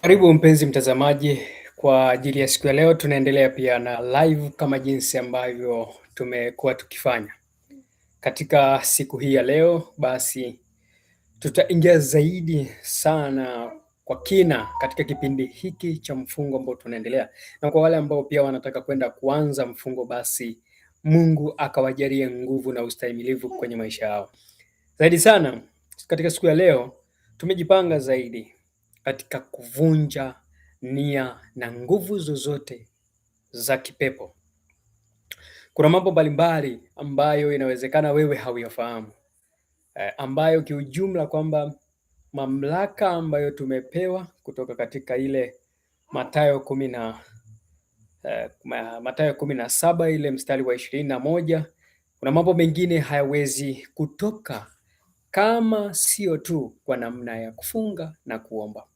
Karibu mpenzi mtazamaji, kwa ajili ya siku ya leo tunaendelea pia na live kama jinsi ambavyo tumekuwa tukifanya katika siku hii ya leo. Basi tutaingia zaidi sana kwa kina katika kipindi hiki cha mfungo ambao tunaendelea, na kwa wale ambao pia wanataka kwenda kuanza mfungo, basi Mungu akawajalie nguvu na ustahimilivu kwenye maisha yao. Zaidi sana katika siku ya leo tumejipanga zaidi katika kuvunja nia na nguvu zozote za kipepo. Kuna mambo mbalimbali ambayo inawezekana wewe hauyafahamu, eh, ambayo kiujumla kwamba mamlaka ambayo tumepewa kutoka katika ile Mathayo kumi na eh, Mathayo kumi na saba ile mstari wa ishirini na moja kuna mambo mengine hayawezi kutoka kama sio tu kwa namna ya kufunga na kuomba.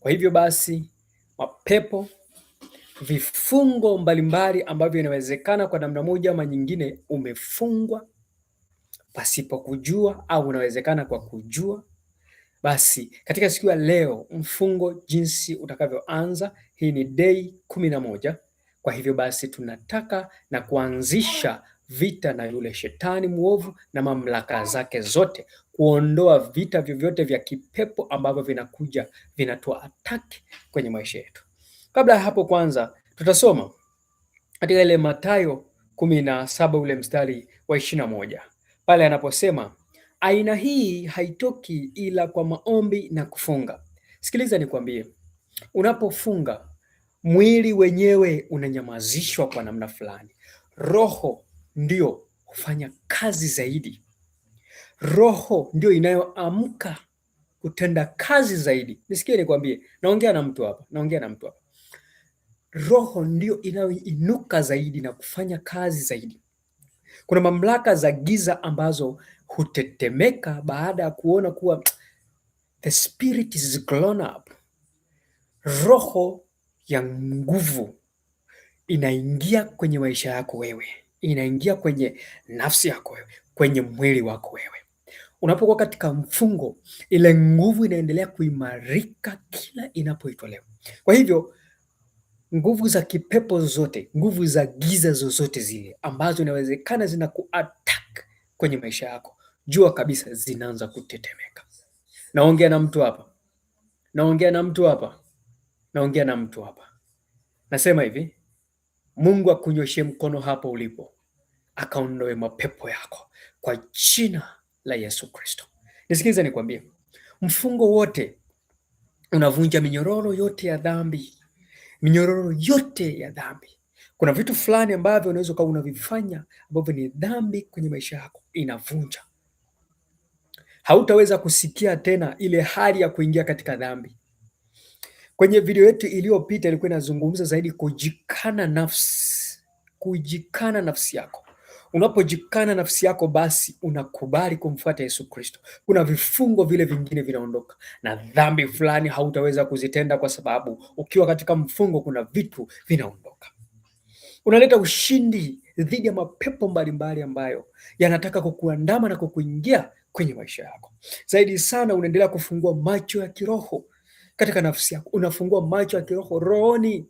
Kwa hivyo basi, mapepo, vifungo mbalimbali ambavyo inawezekana kwa namna moja ama nyingine umefungwa pasipo kujua au unawezekana kwa kujua. Basi katika siku ya leo, mfungo jinsi utakavyoanza, hii ni day kumi na moja. Kwa hivyo basi tunataka na kuanzisha vita na yule shetani mwovu na mamlaka zake zote, kuondoa vita vyovyote vya kipepo ambavyo vinakuja vinatoa ataki kwenye maisha yetu. Kabla ya hapo, kwanza tutasoma katika ile Mathayo kumi na saba ule mstari wa ishirini na moja pale anaposema aina hii haitoki ila kwa maombi na kufunga. Sikiliza nikwambie, unapofunga mwili wenyewe unanyamazishwa kwa namna fulani, roho ndio hufanya kazi zaidi. Roho ndio inayoamka kutenda kazi zaidi. Nisikie nikwambie, naongea na mtu hapa, naongea na mtu hapa. Roho ndio inayoinuka zaidi na kufanya kazi zaidi. Kuna mamlaka za giza ambazo hutetemeka baada ya kuona kuwa the spirit is grown up. Roho ya nguvu inaingia kwenye maisha yako wewe inaingia kwenye nafsi yako wewe, kwenye mwili wako wewe. Unapokuwa katika mfungo, ile nguvu inaendelea kuimarika kila inapoitolewa. Kwa hivyo nguvu za kipepo zote, nguvu za giza zozote zile ambazo inawezekana zina kuattack kwenye maisha yako, jua kabisa zinaanza kutetemeka. Naongea na mtu hapa, naongea na mtu hapa, naongea na mtu hapa, nasema hivi, Mungu akunyoshe mkono hapo ulipo akaondoe mapepo yako kwa jina la Yesu Kristo. Nisikilize nikwambie, mfungo wote unavunja minyororo yote ya dhambi, minyororo yote ya dhambi. Kuna vitu fulani ambavyo unaweza kuwa unavifanya ambavyo ni dhambi kwenye maisha yako, inavunja. Hautaweza kusikia tena ile hali ya kuingia katika dhambi. Kwenye video yetu iliyopita ilikuwa inazungumza zaidi kujikana nafsi, kujikana nafsi yako Unapojikana nafsi yako, basi unakubali kumfuata Yesu Kristo, kuna vifungo vile vingine vinaondoka, na dhambi fulani hautaweza kuzitenda kwa sababu ukiwa katika mfungo, kuna vitu vinaondoka. Unaleta ushindi dhidi ya mapepo mbalimbali ambayo yanataka kukuandama na kukuingia kwenye maisha yako. Zaidi sana, unaendelea kufungua macho ya kiroho katika nafsi yako, unafungua macho ya kiroho rohoni.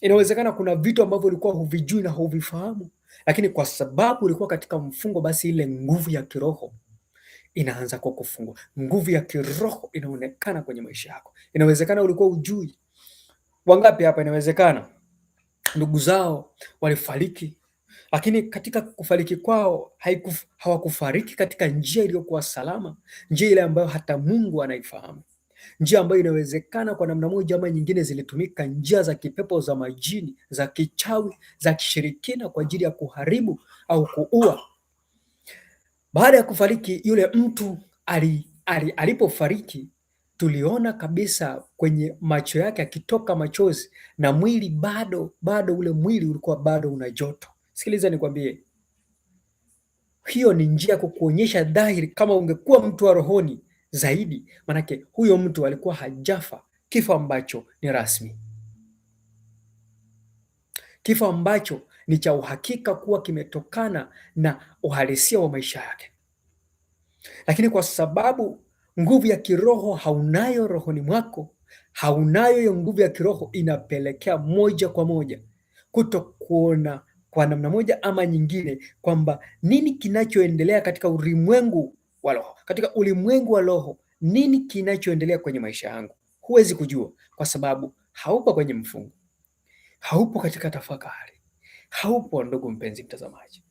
Inawezekana kuna vitu ambavyo ulikuwa huvijui na huvifahamu lakini kwa sababu ulikuwa katika mfungo, basi ile nguvu ya kiroho inaanza kwa kufungwa. Nguvu ya kiroho inaonekana kwenye maisha yako. Inawezekana ulikuwa ujui. Wangapi hapa, inawezekana ndugu zao walifariki, lakini katika kufariki kwao hawakufariki katika njia iliyokuwa salama, njia ile ambayo hata Mungu anaifahamu njia ambayo inawezekana kwa namna moja ama nyingine zilitumika njia za kipepo za majini, za kichawi, za kishirikina kwa ajili ya kuharibu au kuua. Baada ya kufariki yule mtu ali, ali, alipofariki tuliona kabisa kwenye macho yake akitoka machozi na mwili bado bado, ule mwili ulikuwa bado una joto. Sikiliza nikwambie, hiyo ni njia ya kukuonyesha dhahiri, kama ungekuwa mtu wa rohoni zaidi, manake huyo mtu alikuwa hajafa kifo ambacho ni rasmi, kifo ambacho ni cha uhakika kuwa kimetokana na uhalisia wa maisha yake. Lakini kwa sababu nguvu ya kiroho haunayo rohoni mwako, haunayo hiyo nguvu ya kiroho, inapelekea moja kwa moja kuto kuona kwa namna moja ama nyingine kwamba nini kinachoendelea katika ulimwengu wa roho, katika ulimwengu wa roho, nini kinachoendelea kwenye maisha yangu? Huwezi kujua kwa sababu haupo kwenye mfungo, haupo katika tafakari, haupo. Ndugu mpenzi mtazamaji,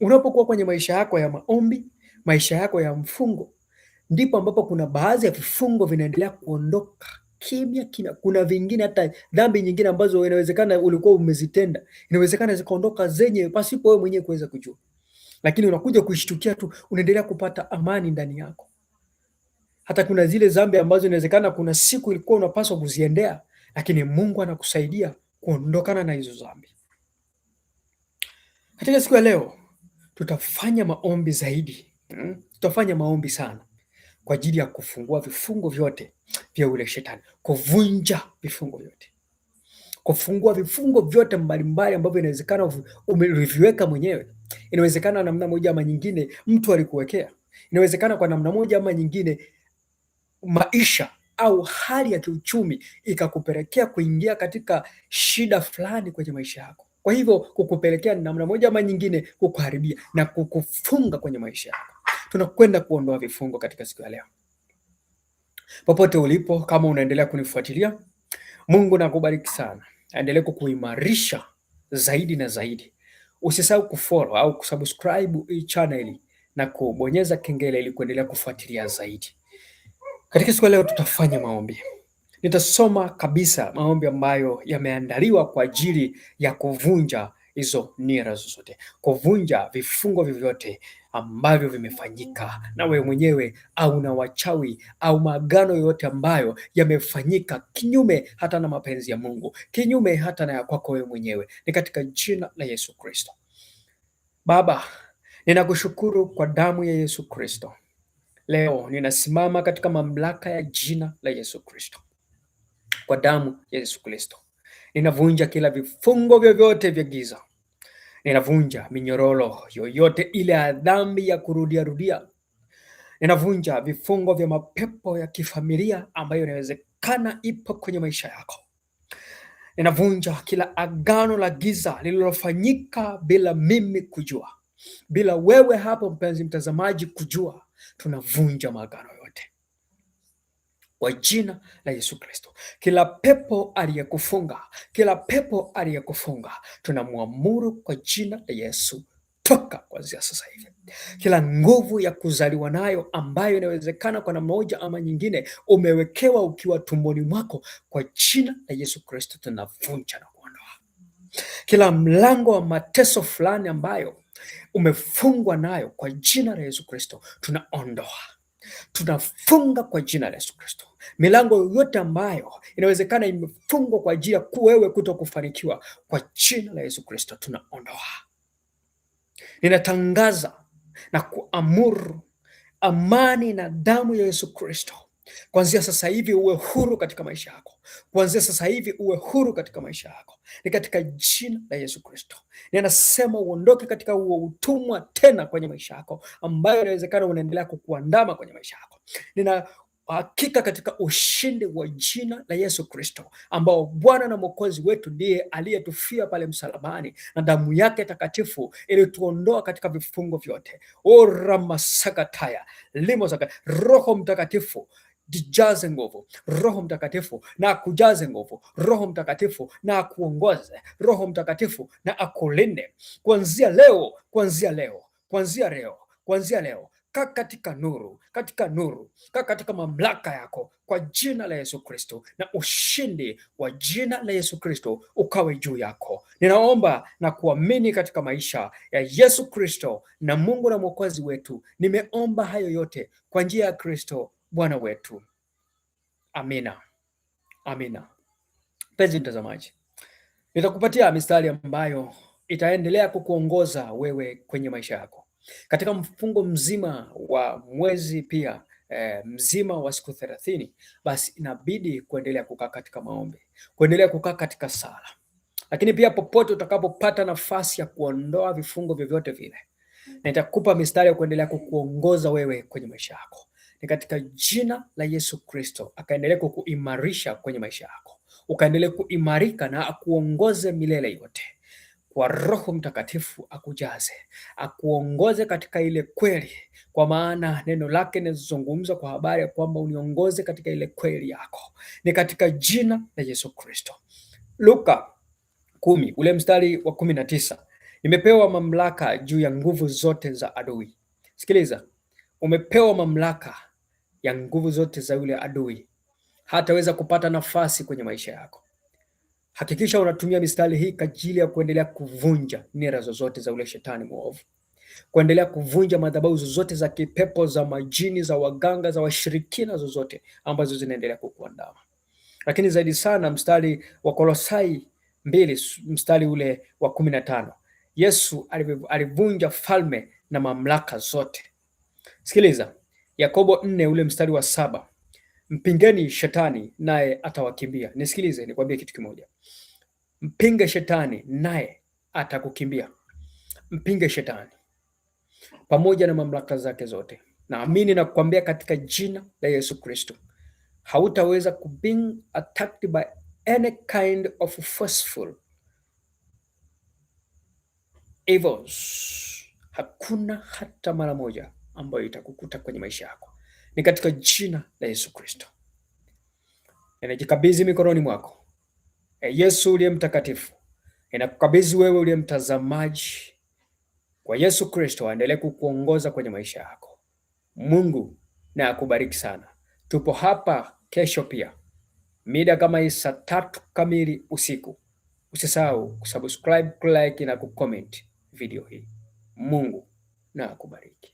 unapokuwa kwenye maisha yako ya maombi, maisha yako ya mfungo, ndipo ambapo kuna baadhi ya vifungo vinaendelea kuondoka kimya kina. Kuna vingine hata dhambi nyingine ambazo inawezekana ulikuwa umezitenda, inawezekana zikaondoka zenyewe pasipo wewe mwenyewe kuweza kujua lakini unakuja kuishtukia tu, unaendelea kupata amani ndani yako. Hata kuna zile dhambi ambazo inawezekana kuna siku ilikuwa unapaswa kuziendea, lakini Mungu anakusaidia kuondokana na hizo dhambi. Katika siku ya leo tutafanya maombi zaidi, hmm? Tutafanya maombi sana kwa ajili ya kufungua vifungo vyote vya ule shetani, kuvunja vifungo vyote, kufungua vifungo vyote mbalimbali ambavyo inawezekana umeviweka mwenyewe Inawezekana namna moja ama nyingine mtu alikuwekea, inawezekana kwa namna moja ama nyingine maisha au hali ya kiuchumi ikakupelekea kuingia katika shida fulani kwenye maisha yako. Kwa hivyo kukupelekea namna moja ama nyingine kukuharibia na kukufunga kwenye maisha yako. Tunakwenda kuondoa vifungo katika siku ya leo. Popote ulipo, kama unaendelea kunifuatilia, Mungu nakubariki sana, aendelee kukuimarisha zaidi na zaidi. Usisahau kufollow au kusubscribe hii channel na kubonyeza kengele ili kuendelea kufuatilia zaidi. Katika siku leo tutafanya maombi. Nitasoma kabisa maombi ambayo yameandaliwa kwa ajili ya kuvunja hizo nira zozote, kuvunja vifungo vyovyote ambavyo vimefanyika na wewe mwenyewe au na wachawi au maagano yoyote ambayo yamefanyika kinyume hata na mapenzi ya Mungu, kinyume hata na ya kwako wewe mwenyewe, ni katika jina la Yesu Kristo. Baba, ninakushukuru kwa damu ya Yesu Kristo. Leo ninasimama katika mamlaka ya jina la Yesu Kristo, kwa damu ya Yesu Kristo Ninavunja kila vifungo vyovyote vya giza. Ninavunja minyororo yoyote ile ya dhambi ya kurudia rudia. Ninavunja vifungo vya mapepo ya kifamilia ambayo inawezekana ipo kwenye maisha yako. Ninavunja kila agano la giza lililofanyika bila mimi kujua, bila wewe hapo mpenzi mtazamaji kujua. Tunavunja maagano kwa jina la Yesu Kristo. Kila pepo aliyekufunga, kila pepo aliyekufunga, tunamwamuru kwa jina la Yesu toka kuanzia sasa hivi. Kila nguvu ya kuzaliwa nayo ambayo inawezekana kwa namna moja ama nyingine umewekewa ukiwa tumboni mwako, kwa jina la Yesu Kristo tunavunja na kuondoa kila mlango wa mateso fulani ambayo umefungwa nayo, kwa jina la Yesu Kristo tunaondoa Tunafunga kwa jina la Yesu Kristo milango yote ambayo inawezekana imefungwa kwa ajili ya wewe kuto kufanikiwa, kwa jina la Yesu Kristo tunaondoa. Ninatangaza na kuamuru amani na damu ya Yesu Kristo, kuanzia sasa hivi uwe huru katika maisha yako. Kuanzia sasa hivi uwe huru katika maisha yako, ni katika jina la Yesu Kristo. Ninasema uondoke katika huo utumwa tena kwenye maisha yako, ambayo inawezekana unaendelea kukuandama kwenye maisha yako. Nina hakika katika ushindi wa jina la Yesu Kristo, ambao Bwana na Mwokozi wetu ndiye aliyetufia pale msalabani na damu yake takatifu ilituondoa katika vifungo vyote. masakataya limo saka Roho Mtakatifu jijaze nguvu Roho Mtakatifu na akujaze nguvu Roho Mtakatifu na akuongoze Roho Mtakatifu na akulinde kuanzia leo, kuanzia leo, kuanzia leo, kuanzia leo ka katika nuru, katika nuru, ka katika mamlaka yako kwa jina la Yesu Kristo, na ushindi wa jina la Yesu Kristo ukawe juu yako. Ninaomba na kuamini katika maisha ya Yesu Kristo na Mungu na Mwokozi wetu. Nimeomba hayo yote kwa njia ya Kristo. Bwana wetu. Amina, amina. Mpenzi mtazamaji, nitakupatia mistari ambayo itaendelea kukuongoza wewe kwenye maisha yako katika mfungo mzima wa mwezi pia E, mzima wa siku thelathini, basi inabidi kuendelea kukaa katika maombi, kuendelea kukaa katika sala, lakini pia popote utakapopata nafasi ya kuondoa vifungo vyovyote vile, na itakupa mistari ya kuendelea kukuongoza wewe kwenye maisha yako ni katika jina la Yesu Kristo, akaendelea kukuimarisha kwenye maisha yako, ukaendelea kuimarika na akuongoze milele yote kwa Roho Mtakatifu akujaze, akuongoze katika ile kweli, kwa maana neno lake linazungumza kwa habari ya kwamba uniongoze katika ile kweli yako, ni katika jina la Yesu Kristo. Luka kumi ule mstari wa kumi na tisa nimepewa mamlaka juu ya nguvu zote za adui. Sikiliza, umepewa mamlaka ya nguvu zote za yule adui, hataweza kupata nafasi kwenye maisha yako. Hakikisha unatumia mistari hii kwa ajili ya kuendelea kuvunja nira zozote za ule shetani mwovu, kuendelea kuvunja madhabahu zozote za kipepo, za majini, za waganga, za washirikina zozote ambazo zinaendelea kukuandama. Lakini zaidi sana mstari wa Kolosai mbili mstari ule wa kumi na tano Yesu alivunja falme na mamlaka zote. Sikiliza, Yakobo nne ule mstari wa saba mpingeni shetani naye atawakimbia. Nisikilize nikwambie kitu kimoja, mpinge shetani naye atakukimbia. Mpinge shetani pamoja na mamlaka zake zote. Naamini na kukwambia katika jina la Yesu Kristo, hautaweza ku being attacked by any kind of forceful evils, hakuna hata mara moja ambayo itakukuta kwenye maisha yako. Ni katika jina la Yesu Kristo. Ninajikabidhi mikononi mwako. E Yesu uliye mtakatifu, ninakukabidhi wewe uliye mtazamaji kwa Yesu Kristo aendelee kukuongoza kwenye maisha yako. Mungu na akubariki sana. Tupo hapa kesho pia mida kama hii saa tatu kamili usiku. Usisahau kusubscribe, like na kucomment video hii. Mungu na akubariki.